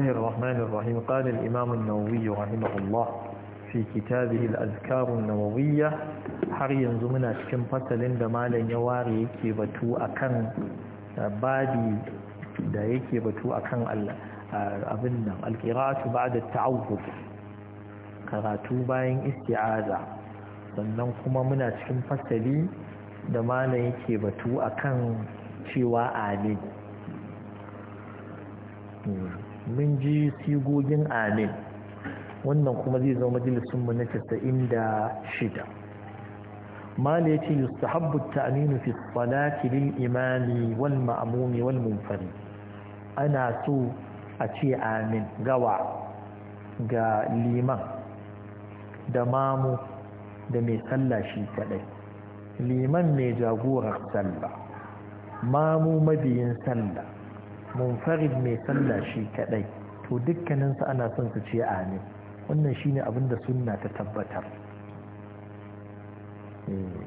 الله الرحمن imamin قال الإمام النووي رحمه الله في كتابه الأذكار النووية har yanzu muna cikin fasalin da malam ya ware yake batu akan uh, babi da yake batu akan uh, abin ta'awud karatu bayan aza sannan kuma muna cikin fasali da malam yake batu akan cewa amin hmm. mun ji sigogin amin wannan kuma zai zama mu na casa'in da shida mali ya ce yustahabbu ta'aminu fi salati lil imami wal ma'amumi wal munfari ana so a ce amin gawa ga liman da mamu da mai sallah shi kadai liman mai jagorar salla. mamu mabiyin sallah munfarid mai sallah shi kadai to dukkaninsu ana son su ce amin wannan shine abin da sunna ta tabbatar eh,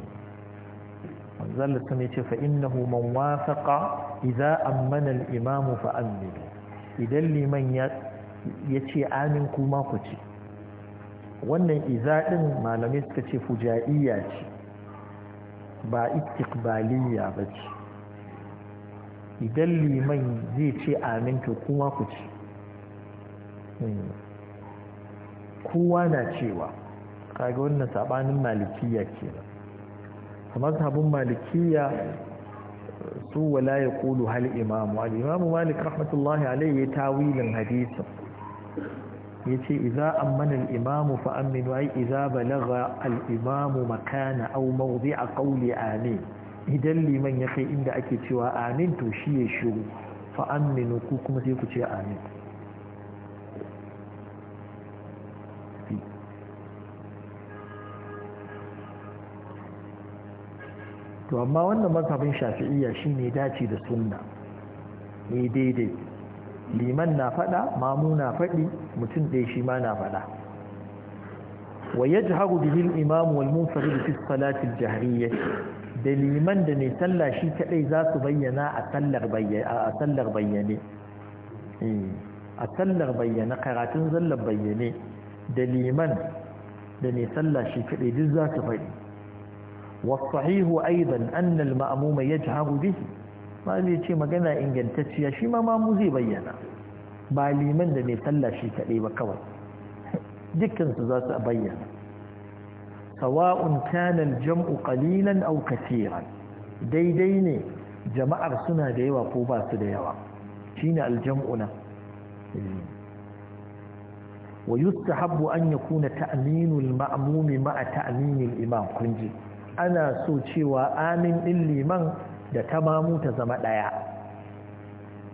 manzal sun yace fa innahu man wafaqa idza ammana al-imam fa amin idan liman ya yace amin kuma ku ce wannan iza din malamai suka ce fujaiya ce ba istiqbaliya bace idan liman zai ce amin to kuma ku ci hmm. kowa na cewa kaga wannan sabanin malikiya kenan a mazhabin malikiya su wala ya kulu hal imamu al imamu malik rahmatullahi alaihi ya tawilin hadisin ya ce iza ammana al imamu fa aminu ai iza balagha al imamu makana aw mawdi'a qawli amin idan liman ya kai inda ake cewa amin to shi ya shiru fa'amminu ku kuma sai ku ce amin to amma wannan mazhabin shafi'iyya shi ne dace da sunna ne daidai liman na fada mamu na fadi mutum ɗaya shi ma na fada wa yajharu bihi al-imam wal munfarid fi salati al da liman da ne sallah shi kadai za su bayyana a sallar bayyane a sallar bayyana eh, karatun zallar bayyane da liman da ne sallah shi kadai duk za su faɗi wasahihu aizan annal ma'amuma ya jiharu bihi ma zai ce magana ingantacciya shi ma mamu zai bayyana ba liman da ne sallah shi kadai ba kawai dukkansu za su bayyana sawa'un kana jamu qalilan aw kaseeran daidai ne jama'ar suna da yawa ko ba su da yawa shine al-jam'u na wa yustahabbu an yakuna ta'minu al-ma'mum ma'a ta'min imam kunji ana so cewa amin din liman da tamamu ta zama daya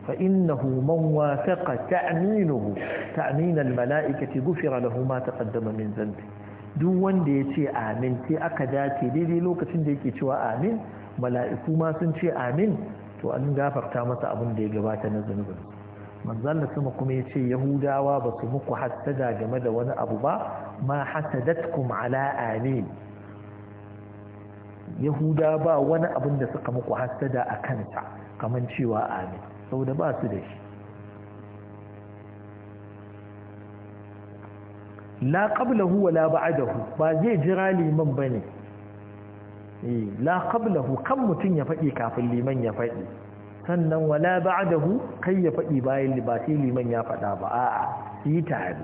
فإنه من وافق تأمينه تأمين mala'ikati غفر lahu ma تقدم من ذنبه duk wanda ya ce amin sai aka dace daidai lokacin da yake cewa amin mala'iku ma sun ce amin to an gafarta masa abin da ya gabata na zunubin manzan da sama kuma ya ce yahudawa ba su muku hassada game da wani abu ba ma kum ala amin yahuda ba wani abin da suka muku hasada a kanta kamar cewa amin Sau da ba su da shi la qablahu wa la ba zai jira liman bane eh la qablahu kan mutun ya faɗi kafin liman ya faɗi sannan wala la ba'dahu kai ya faɗi bayan ba sai liman ya faɗa ba a'a yi tare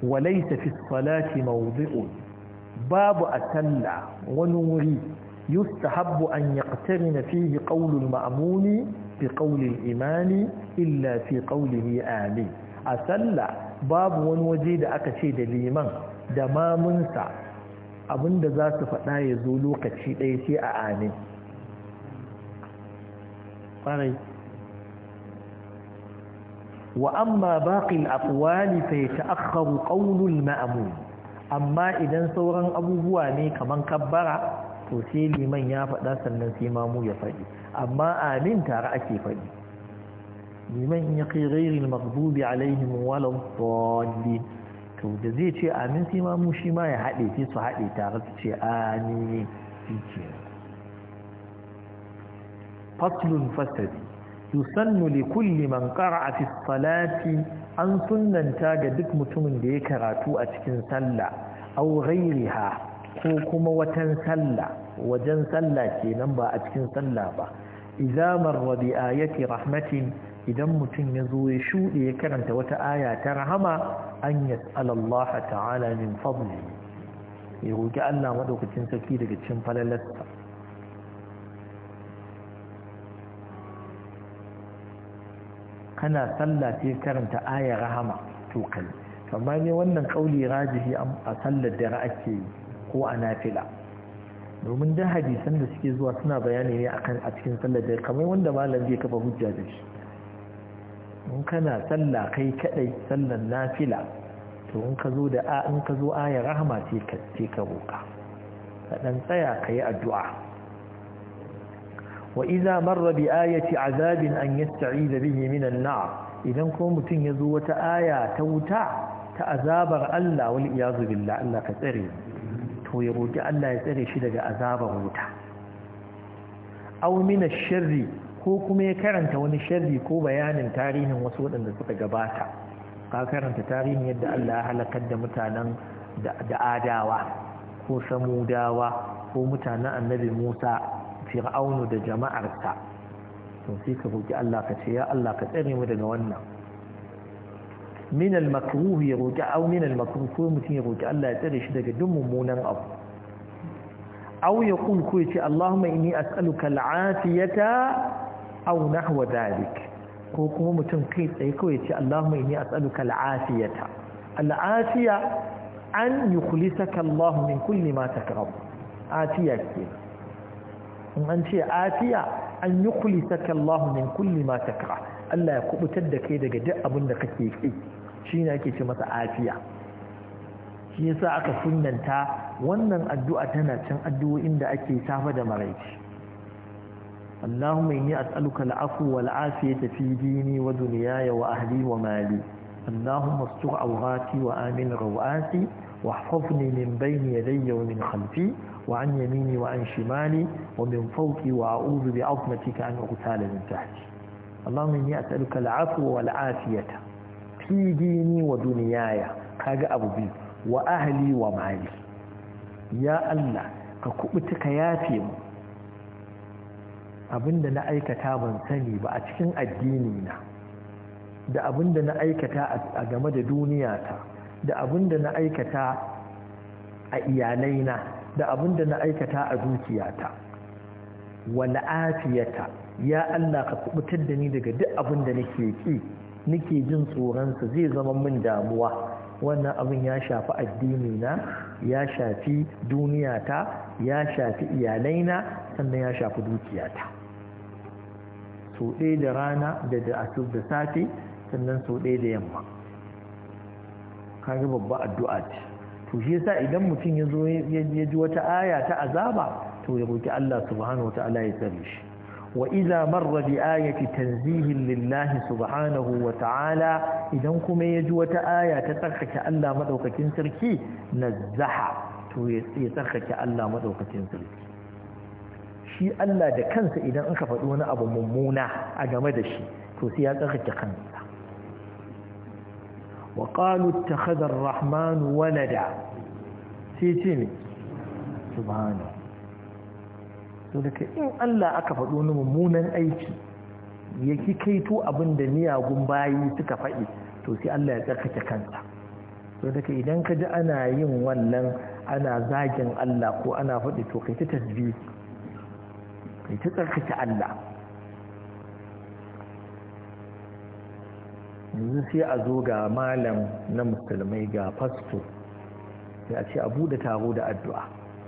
wa laysa fi salati mawdi'un babu atalla wani wuri yustahabbu an yaqtarina fihi qawlul ma'muni bi qawlil imani illa fi qawlihi amin a sallah babu wani waje da aka ce da liman da mamunsa abinda za su faɗa ya zo lokaci ɗaya sai a amin wa amma baƙin afuwali sai ta akharu ƙaunul ma'amun amma idan sauran abubuwa ne kamar kabbara to sai liman ya faɗa sannan sai mamu ya faɗi amma amin tare ake faɗi liman ya kai gairi maghdubi alaihim wala to da zai ce amin sai ma mu shi ma ya haɗe sai su haɗe tare su ce amin shi faslun fasali yusannu li kulli man qara'a fi salati an sunnanta ga duk mutumin da ya karatu a cikin sallah aw ghairiha ko kuma watan sallah wajen sallah kenan ba a cikin sallah ba idza marra bi ayati rahmatin idan mutum ya zo ya shuɗe ya karanta wata aya ta rahama an yas'alallaha ta'ala min fadli ya roki Allah madaukakin sarki daga cikin falalarsa kana sallah sai karanta aya rahama to kai amma ne wannan kauli rajihi a sallar dare ake ko a nafila domin da hadisan da suke zuwa suna bayani ne a cikin sallar dare kamar wanda malam zai kafa hujja da shi in kana sallah kai kadai sallan nafila to in ka zo da a in ka zo aya rahama ce ka ce ka roka ka dan tsaya kai addu'a wa idza marra bi ayati azabin an yasta'id bihi min an-nar idan kuma mutun yazo wata aya ta wuta ta azabar Allah wal iyazu billah Allah ka tsare to ya roki Allah ya tsare shi daga azabar wuta aw min ash-sharri ko kuma ya karanta wani sharri ko bayanin tarihin wasu waɗanda suka gabata ka karanta tarihin yadda Allah ya halakar da mutanen da adawa ko samudawa ko mutanen annabi Musa fir'aunu da jama'arsa to sai ka roki Allah ka ce ya Allah ka tsare mu daga wannan min al-makruh ya roki au min al-makruh ko mutum ya roki Allah ya tsare shi daga duk mummunan abu aw ya ce ko ce Allahumma inni as'aluka al-afiyata aw nahwa dalik ko kuma mutum kai tsaye kawai ce Allahumma inni as'aluka al'afiyata al'afiya an yukhlisaka Allah min kulli ma takrab afiya ke in an ce afiya an yukhlisaka Allah min kulli ma takra Allah ya kubutar da kai daga duk abin da kake ki shine ake ce masa afiya shi yasa aka sunnanta wannan addu'a tana cin addu'o'in da ake safa da maraici اللهم إني أسألك العفو والعافية في ديني ودنياي وأهلي ومالي اللهم استر عوراتي وآمن روآتي واحفظني من بين يدي ومن خلفي وعن يميني وعن شمالي ومن فوقي وأعوذ بعظمتك أن أغتال من تحتي اللهم إني أسألك العفو والعافية في ديني ودنياي كاجا أبو بي وأهلي ومالي يا الله ككبتك يا فيمو abinda na aikata ban sani ba a cikin addini na da abinda na aikata a game da duniyata da abinda na aikata a iyalaina da abinda na aikata a dukiyata wala afiyata ya Allah ka kubutar da ni daga duk abinda nake ki nake jin tsoron tsoronsa zai zama min damuwa wannan abin ya shafi addini na ya shafi duniyata ya shafi iyalai na sannan ya shafi dukiyata Sau ɗaya da rana da da da safe sannan sau ɗaya da yamma kaga babba addu'a ce to shi yasa idan mutum ya zo ya ji wata aya ta azaba to ya roki Allah subhanahu ta'ala ya tsare shi wa idza marra bi ayati tanzihin lillahi subhanahu ta'ala idan kuma ya ji wata aya ta tsarkake Allah madaukakin sarki nazzaha to ya tsarkake Allah madaukakin sarki shi Allah da kansa idan aka faɗi wani abu mummuna a game da shi to sai ya tsarkake kansa wa qalu ittakhadha ar-rahman walada sai ce ne subhanahu to daga in Allah aka faɗi wani mummunan aiki ya ki kaito abin da miyagun bayi suka faɗi to sai Allah ya tsarkake kansa to daga idan ka ji ana yin wannan ana zagin Allah ko ana faɗi to kai ta tasbihi sai ta tsarkake Allah yanzu sai a zo ga malam na musulmai ga fasto sai a ce a taro da addu'a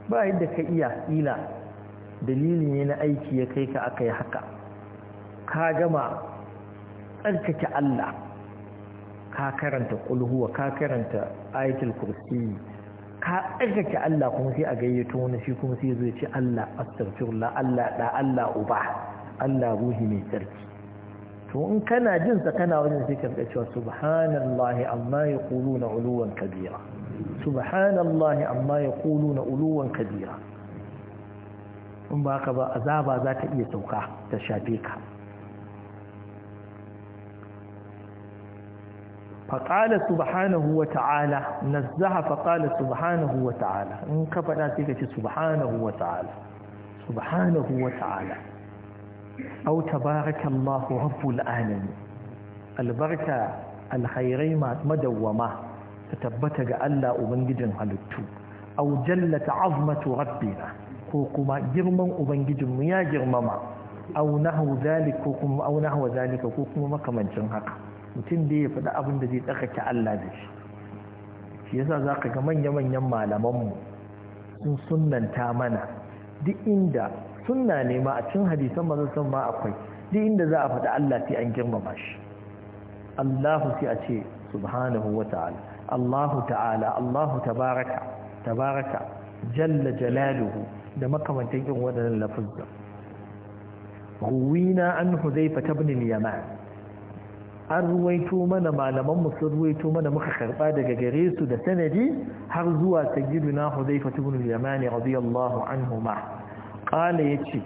ba yadda ka iya ila dalili ne na aiki ya kai ka aka yi haka ka gama tsarkake Allah ka karanta kulhuwa ka karanta aikin kursiyi ka tsarkake Allah kuma sai a gayyato wani shi kuma sai zai ce Allah astaghfirullah Allah da Allah uba Allah ruhi mai tsarki to in kana jin sa kana wajen sai ka ga cewa subhanallahi amma yaquluna uluwan kabira subhanallahi amma yaquluna uluwan kabira in ba ka ba azaba za ta iya sauka ta shafe ka faƙalar subhanahu wa ta'ala na zaha faƙalar subhanahu wa in ka faɗa sai ka ce subhanahu wa ta'ala subhanahu wa ta'ala au tabaraka Allah rabbul alamin albarka alkhairai madawwama ta tabbata ga Allah ubangijin halittu au jallata azmatu rabbina ko kuma girman ubangijin mu ya girmama au nahwa ko kuma au nahwa ko kuma makamancin haka mutum da ya faɗi abin da zai tsakake Allah da shi shi yasa za ka ga manya-manyan malamanmu sun sunanta mana duk inda sunna ne ma a cin hadisan mazan san ma akwai duk inda za a faɗi Allah sai an girmama shi Allahu sai a ce subhanahu wa ta'ala Allahu ta'ala Allahu tabaraka tabaraka jalla jalaluhu da makamantan irin waɗannan lafuzza ruwina an huzaifa ibn al-yaman an ruwaito mana malaman musu sun ruwaito mana muka karba daga gare su da sanadi har zuwa sayyiduna Hudayfa ibn al yamani radiyallahu anhu ma qala yace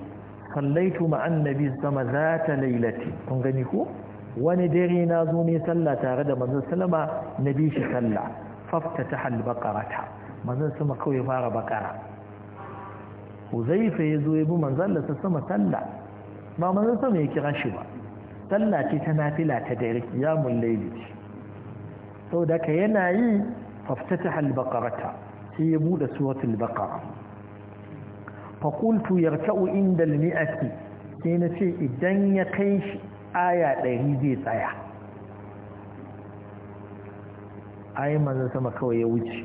sallaitu ma annabi sama zata laylati kun gani ko wani dare na zo ne sallah tare da manzon sallama nabi shi sallah faftataha al-baqarata manzon sama kawai fara baqara Huzaifa ya zo ya bi manzon Allah sama sallah ba manzon sama ya kira shi ba sallah tana ta nafila ta dare ya mullaili ce sau da ka yana yi faftata halbakarata sai ya buɗe suratul bakara fakultu yarka'u inda mi'ati sai na ce idan ya kai shi aya ɗari zai tsaya Ai manzan sama kawai ya wuce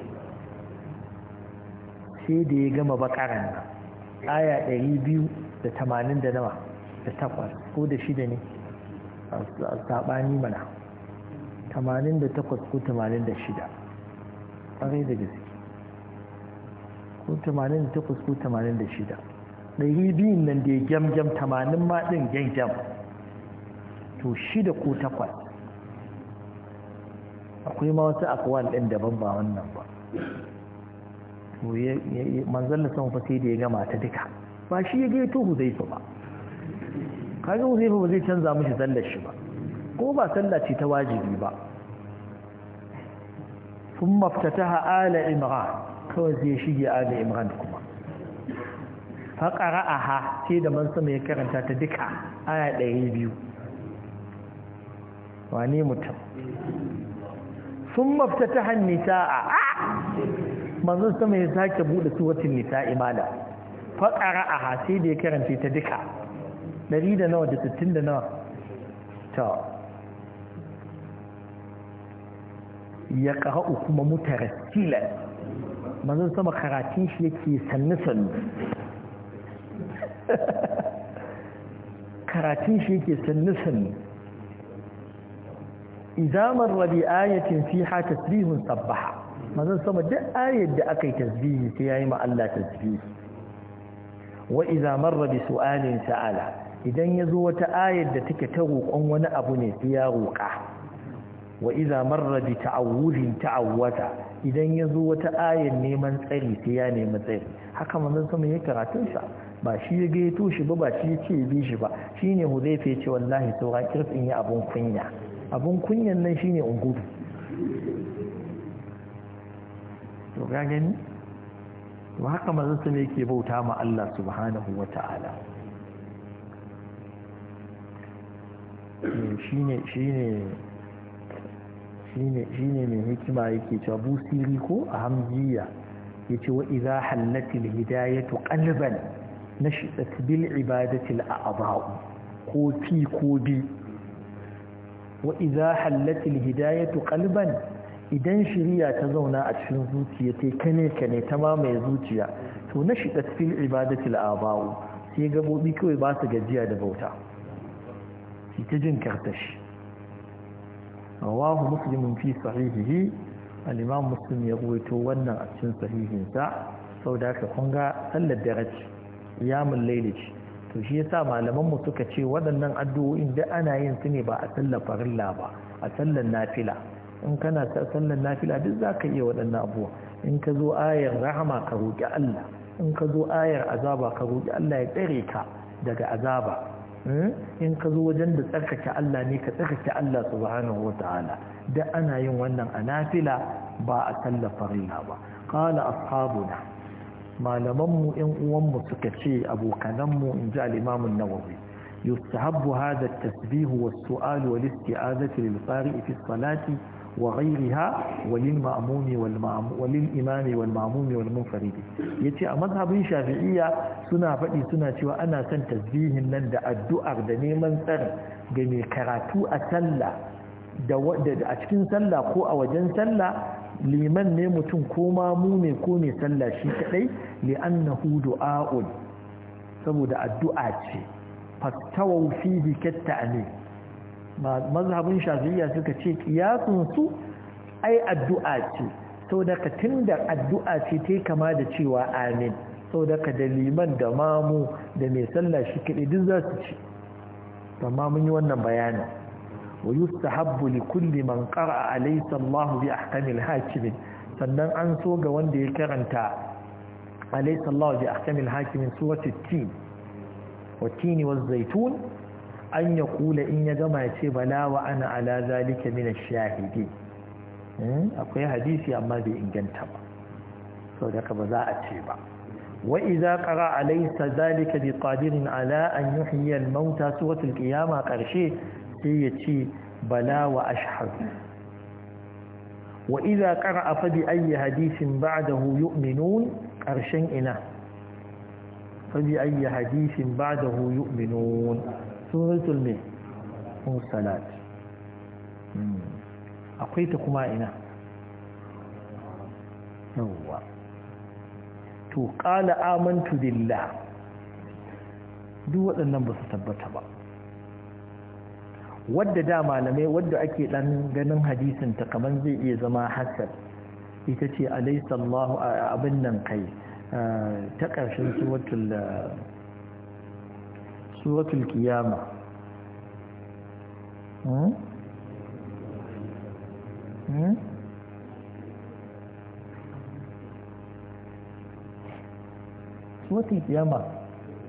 sai da ya gama bakaran aya ɗari biyu da tamanin da nawa da takwas ko da shida ne saɓani mana 88 ko 86 ƙwarai da gaske ko 88 ko 86 ɗari biyun nan da ya gyamgyam 80 maɗin ɗin gyamgyam to 6 ko 8 akwai ma wasu akwai ɗin daban ba wannan ba to manzan da sama sai da ya gama ta duka ba shi ya gaito zai fi ba kaga uzaifa ba zai canza mashi sallar shi ba ko ba sallah ce ta wajibi ba sun maftataha ala imran kawai zai shige ala imran kuma faƙara ha sai da man sama ya karanta ta duka aya ɗaya biyu wane mutum sun maftataha nisa'a a manzon sama ya sake buɗe suwatin nisa'a imala faƙara ha sai da ya karanta ta duka ɗari da nawa da sittin da nawa ta ya ƙara'u kuma mutarattilan mazan sama karatun shi yake sannu-sannu karatun shi yake sannu-sannu izamar rabi ayatin fi ha tasbihun sabbaha mazan sama duk ayar da aka yi tasbihi sai ya yi ma Allah tasbihi wa izamar rabi su'alin sa'ala idan ya zo wata ayar da take ta roƙon wani abu ne ya roƙa wa iza marra bi ta'awudin ta'awwata idan ya zo wata ayar neman tsari sai ya nemi tsari haka manzon sama ya karatun sa ba shi ya gaito shi ba ba shi ya ce bi shi ba shine huzaifa ya ce wallahi saura kirf in abin kunya abun kunyan nan shine ungudu to ga gani to haka manzon sama yake bauta ma Allah subhanahu wa ta'ala. Eh, shi ne mai hikima yake cewa siri ko a hamziya ya ce wa iza hallatil hidayatu qalban nashidat bil ibadatil abawu ko fi ko bi wa iza hallatil hidayatu idan shirya ta zauna a cikin zuciya ta kane kane ta mamaye zuciya to na nashidat fil ibadatil abawu sai gabobi kawai ba su gajiya da bauta ita jin kartashi rawahu muslimun fi sahihihi al-imam muslim ya rubuto wannan a cikin sahihinsa saboda haka kun ga sallar dare ya qiyamul ce to shi yasa malaman mu suka ce waɗannan addu'o'in da ana yin su ne ba a sallar farilla ba a sallar nafila in kana sallar nafila duk zaka iya waɗannan abubuwa in ka zo ayar rahama ka roƙi Allah in ka zo ayar azaba ka ruƙi Allah ya tsare ka daga azaba Eh? in ka zo wajen da tsarkake Allah ne ka tsarkake Allah subhanahu wata'ala da ana yin wannan a nafila ba a tallafa rila ba kala ashabuna malamanmu yan uwanmu suka ce abokananmu in ji al-imam an-nawawi yustahabbu hadha at-tasbih was-su'al wal-isti'azati lil-qari'i fi as-salati وغيرها وللمأموم والمأموم وللإمام والمأموم والمنفرد يتي مذهب الشافعية سنة فدي سنة وأنا سن تسبيه نن دا الدعاء دا نيمان سر جمي كراتو أسلا دا أتكين سلا قوة وجن سلا liman ne mutum ko mamu ne ko mai sallah shi kadai li annahu du'a'un saboda addu'a ce fastawau fihi katta'ani mazhabin shafiya suka ce kiyasun su ai addu'a ce sau daga tun da addu'a ce ta kama da cewa amin sau daga da liman da mamu da mai sallah shi kaɗai duk za su ci amma mun yi wannan bayanin wa yustahabbu li kulli man a alayhi sallahu bi ahkamil hakimin sannan an so ga wanda ya karanta alayhi sallahu bi ahkamil hakimin surati tin wa tin wa zaitun an ya kula in ya gama ya ce bala wa ana ala zalika min shahidi hmm? akwai hadisi amma bai inganta ba sau da ka ba za a ce ba wa iza qara alaysa zalika bi qadirin ala an yuhyiya al mauta suratul ƙiyama karshe sai ya ce bala wa ashhadu wa iza qara fa bi ayyi hadisin ba'dahu yu'minun karshen ina fa bi ayyi hadisin ba'dahu yu'minun suratul ne musalat hmm. akwai ta kuma ina yawwa to qala amantu dilla duk waɗannan ba su tabbata ba wadda da malamai wadda ake ɗan ganin hadisin ta kaman zai iya zama hasar ita ce alaysa abin nan kai ta ƙarshen suratul سورة القيامة سورة القيامة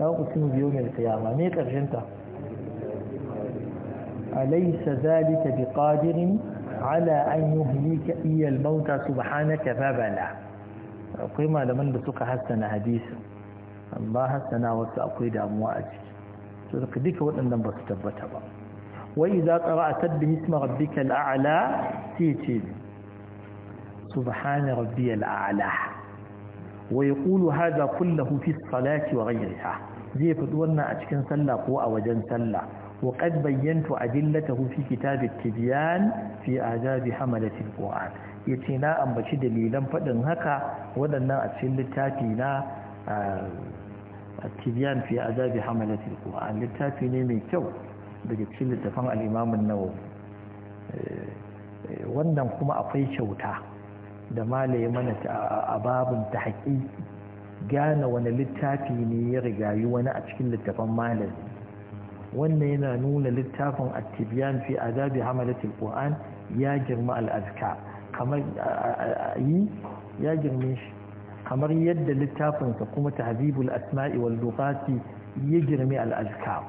لا أقسم بيوم القيامة ميك أرجنتا أليس ذلك بقادر على أن يهليك إي الموتى سبحانك فبلا أقيم لمن بسك حسن حديث الله حسن وسأقيد أمواجه to zaka duka waɗannan ba su tabbata ba wa idza qara'ta bi ismi rabbika al'ala titi subhana rabbiya ala wa yaqulu hadha kulluhu fi salati wa ghayriha zai fadu wannan a cikin sallah ko a wajen sallah wa qad bayyantu adillatahu fi kitabi tibyan fi azabi hamalati al-qur'an yace na ambaci dalilan fadin haka waɗannan a cikin littafi na ah, التبيان في آداب حملة القرآن للتافي نيمي كو daga cikin littafin al'imamin nawo wannan kuma akwai kyauta da malaye mana a babin ta haƙi gane wani littafi ne ya rigayi wani a cikin littafin malaye wannan yana nuna littafin attibiyan fi azabi hamalatul qur'an ya girma al'azka kamar yi ya girme shi kamar yadda littafinsa kuma tahzibul asma'i wal lughati ya girme al azkar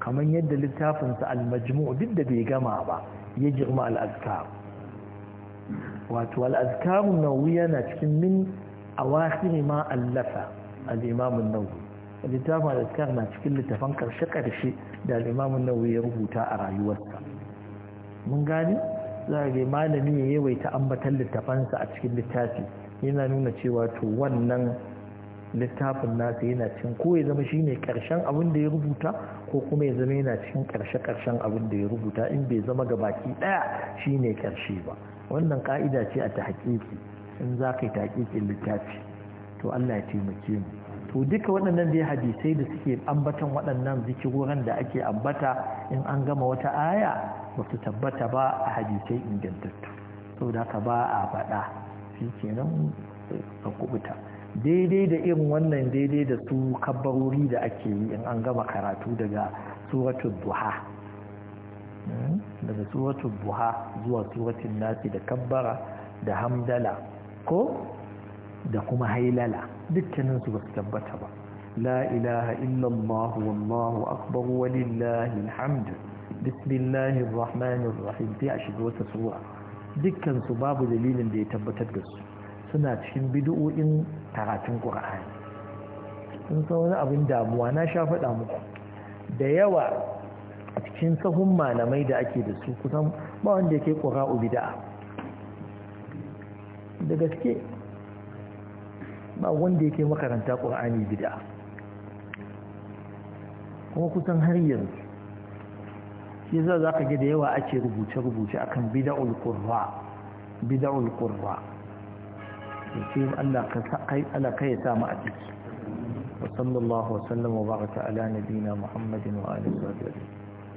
kamar yadda littafinsa al majmu' duk da bai gama ba ya girma al azkar wato al azkar nawawi na cikin min awakhir ma allafa al imam an-nawawi littafin al azkar na cikin littafan karshe karshe da al imam an-nawawi ya rubuta a rayuwarsa mun gane za ga malami ya yawaita ambatan littafansa a cikin littafi yana nuna cewa to wannan littafin nasa yana cin ko ya zama shine karshen abin da ya rubuta ko kuma ya zama yana cikin karshe karshen abin da ya rubuta in bai zama ga baki daya shine karshe ba wannan ka'ida ce a tahqiqi in za ka yi tahqiqin littafi to Allah ya taimake mu to duka waɗannan da dai hadisai da suke ambatan waɗannan zikiroran da ake ambata in an gama wata aya ba tabbata ba a hadisai ingantattu saboda haka ba a faɗa shi nan a kubuta daidai da irin wannan daidai da su kabbarori da ake yi in an gama karatu daga suratul duha hmm? daga suratul duha zuwa suratul nasi da kabbara da hamdala ko da kuma hailala dukkanin su ba su tabbata ba la ilaha illallah wallahu akbar walillahi alhamdu bismillahir rahmanir rahim sai a shiga wata sura dukkansu babu dalilin da ya tabbatar da su suna cikin bidu'o'in karatun ƙur'ani sun san wani abin damuwa na sha faɗa muku da yawa a cikin sahun malamai da ake da su kusan ba wanda yake ƙura'u bida'a da gaske ba wanda yake makaranta ƙur'ani bida'a kuma kusan har yanzu shi za za ka ga da yawa ake rubuce-rubuce akan bida'ul qurra bida'ul qurra yace Allah ka kai Allah kai ya samu a ciki wa sallallahu wa sallama wa baraka ala nabina muhammadin wa alihi wa sahbihi